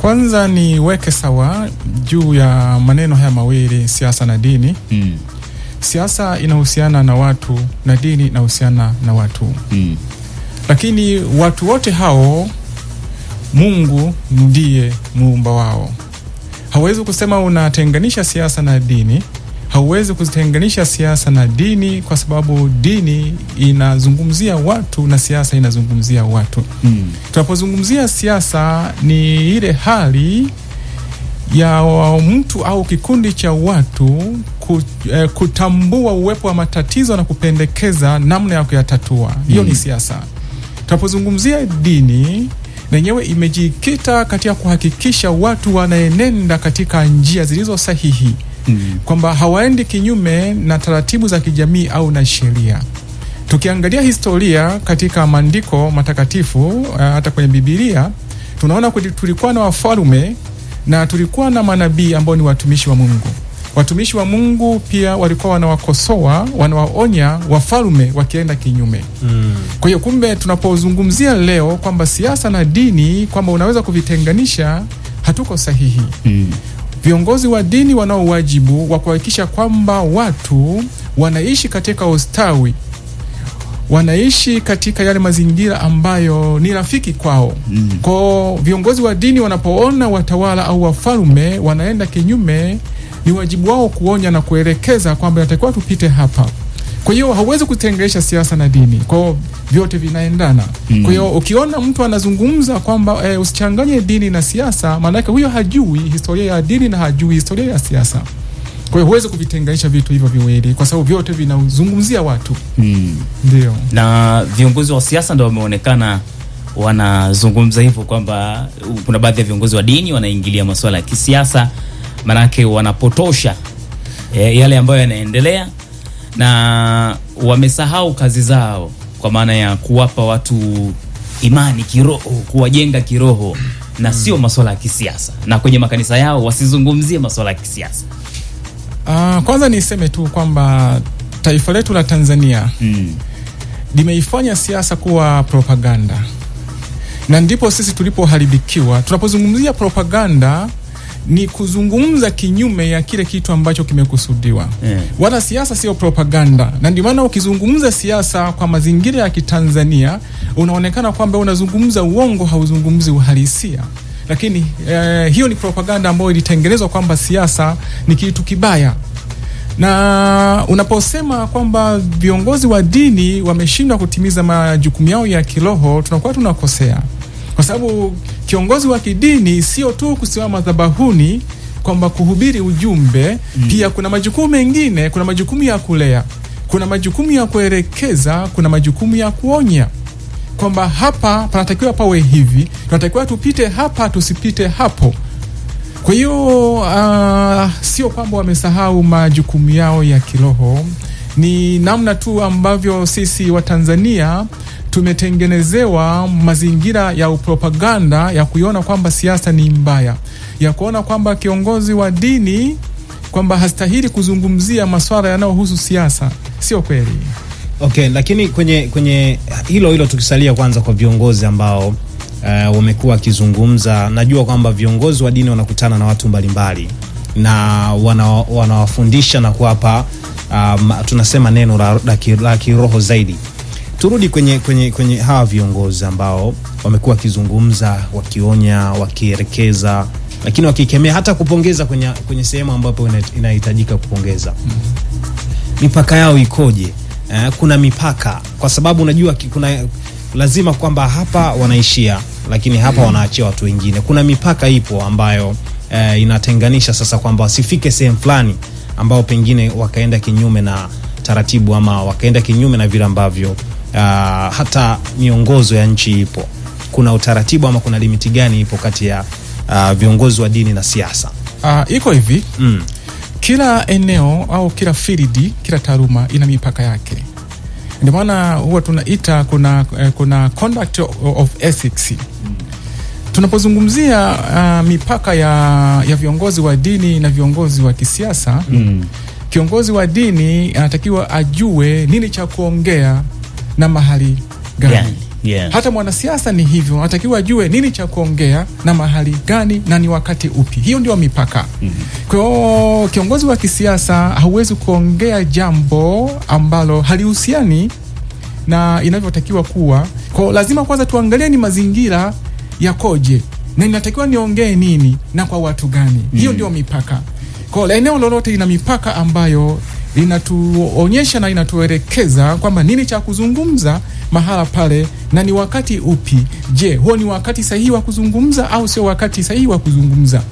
Kwanza ni weke sawa juu ya maneno haya mawili, siasa na dini mm. Siasa inahusiana na watu na dini inahusiana na watu mm. Lakini watu wote hao Mungu ndiye muumba wao. Hawezi kusema unatenganisha siasa na dini hauwezi kuzitenganisha siasa na dini, kwa sababu dini inazungumzia watu na siasa inazungumzia watu mm. Tunapozungumzia siasa ni ile hali ya mtu au kikundi cha watu eh, kutambua uwepo wa matatizo na kupendekeza namna ya kuyatatua. Hiyo mm. ni hmm. siasa. Tunapozungumzia dini nenyewe imejikita katika kuhakikisha watu wanaenenda katika njia zilizo sahihi mm. kwamba hawaendi kinyume na taratibu za kijamii au na sheria. Tukiangalia historia katika maandiko matakatifu eh, hata kwenye Biblia tunaona tulikuwa na wafalme na tulikuwa na manabii ambao ni watumishi wa Mungu. Watumishi wa Mungu pia walikuwa wanawakosoa, wanawaonya wafalme wakienda kinyume mm. Kwa hiyo kumbe, tunapozungumzia leo kwamba siasa na dini kwamba unaweza kuvitenganisha, hatuko sahihi mm. Viongozi wa dini wanao wajibu wa kuhakikisha kwamba watu wanaishi katika ustawi, wanaishi katika yale mazingira ambayo ni rafiki kwao. Mm. Kwa viongozi wa dini wanapoona watawala au wafalme wanaenda kinyume, ni wajibu wao kuonya na kuelekeza kwamba inatakiwa tupite hapa. Kwa hiyo hauwezi kutengesha siasa na dini, kwa hiyo vyote vinaendana. Mm. Kwa hiyo ukiona mtu anazungumza kwamba e, usichanganye dini na siasa, maanake huyo hajui historia ya dini na hajui historia ya siasa. Kwa hiyo huwezi kuvitenganisha vitu hivyo viwili kwa sababu vyote vinazungumzia watu mm. Ndio, na viongozi wa siasa ndio wameonekana wanazungumza hivyo kwamba uh, kuna baadhi ya viongozi wa dini wanaingilia masuala ya kisiasa, manake wanapotosha e, yale ambayo yanaendelea na wamesahau kazi zao, kwa maana ya kuwapa watu imani kiroho, kuwajenga kiroho na hmm. sio masuala ya kisiasa, na kwenye makanisa yao wasizungumzie masuala ya kisiasa. Uh, kwanza niseme tu kwamba taifa letu la Tanzania mm, limeifanya siasa kuwa propaganda, na ndipo sisi tulipoharibikiwa. Tunapozungumzia propaganda ni kuzungumza kinyume ya kile kitu ambacho kimekusudiwa yeah. Wala siasa sio propaganda, na ndio maana ukizungumza siasa kwa mazingira ya Kitanzania unaonekana kwamba unazungumza uongo, hauzungumzi uhalisia lakini eh, hiyo ni propaganda ambayo ilitengenezwa kwamba siasa ni kitu kibaya, na unaposema kwamba viongozi wa dini wameshindwa kutimiza majukumu yao ya kiroho, tunakuwa tunakosea kwa sababu kiongozi wa kidini sio tu kusimama madhabahuni kwamba kuhubiri ujumbe mm. Pia kuna majukumu mengine, kuna majukumu ya kulea, kuna majukumu ya kuelekeza, kuna majukumu ya kuonya kwamba hapa panatakiwa pawe hivi, tunatakiwa tupite hapa, tusipite hapo. Kwa hiyo uh, sio kwamba wamesahau majukumu yao ya kiroho, ni namna tu ambavyo sisi Watanzania tumetengenezewa mazingira ya upropaganda ya kuiona kwamba siasa ni mbaya, ya kuona kwamba kiongozi wa dini kwamba hastahili kuzungumzia masuala yanayohusu siasa. Sio kweli. Okay, lakini kwenye kwenye hilo hilo tukisalia kwanza kwa viongozi ambao Uh, wamekuwa wakizungumza. Najua kwamba viongozi wa dini wanakutana na watu mbalimbali na wanawafundisha wana na kuwapa uh, tunasema neno la, la, la kiroho zaidi turudi kwenye, kwenye, kwenye hawa viongozi ambao wamekuwa wakizungumza wakionya, wakielekeza, lakini wakikemea, hata kupongeza kwenye, kwenye sehemu ambapo inahitajika kupongeza. Mm-hmm. Mipaka yao ikoje? Eh, kuna mipaka kwa sababu unajua kuna lazima kwamba hapa wanaishia, lakini hapa mm-hmm. wanaachia watu wengine. Kuna mipaka ipo ambayo eh, inatenganisha sasa kwamba wasifike sehemu fulani ambao pengine wakaenda kinyume na taratibu ama wakaenda kinyume na vile ambavyo uh, hata miongozo ya nchi ipo, kuna utaratibu ama kuna limiti gani ipo kati ya uh, viongozi wa dini na siasa? Uh, iko hivi mm. Kila eneo au kila firidi kila taaluma ina mipaka yake, ndio maana huwa tunaita kuna, eh, kuna conduct of ethics Tunapozungumzia uh, mipaka ya, ya viongozi wa dini na viongozi wa kisiasa mm. Kiongozi wa dini anatakiwa ajue nini cha kuongea na mahali gani, yeah. Yeah. Hata mwanasiasa ni hivyo, anatakiwa ajue nini cha kuongea na mahali gani na ni wakati upi. Hiyo ndio mipaka. mm -hmm. Kwa hiyo kiongozi wa kisiasa hauwezi kuongea jambo ambalo halihusiani na inavyotakiwa kuwa. Kwa hiyo lazima kwanza tuangalie ni mazingira yakoje na inatakiwa niongee nini na kwa watu gani. mm -hmm. Hiyo mm-hmm. ndio mipaka. Kwa hiyo eneo lolote lina mipaka ambayo linatuonyesha na inatuelekeza kwamba nini cha kuzungumza mahala pale na ni wakati upi. Je, huo ni wakati sahihi wa kuzungumza au sio wakati sahihi wa kuzungumza?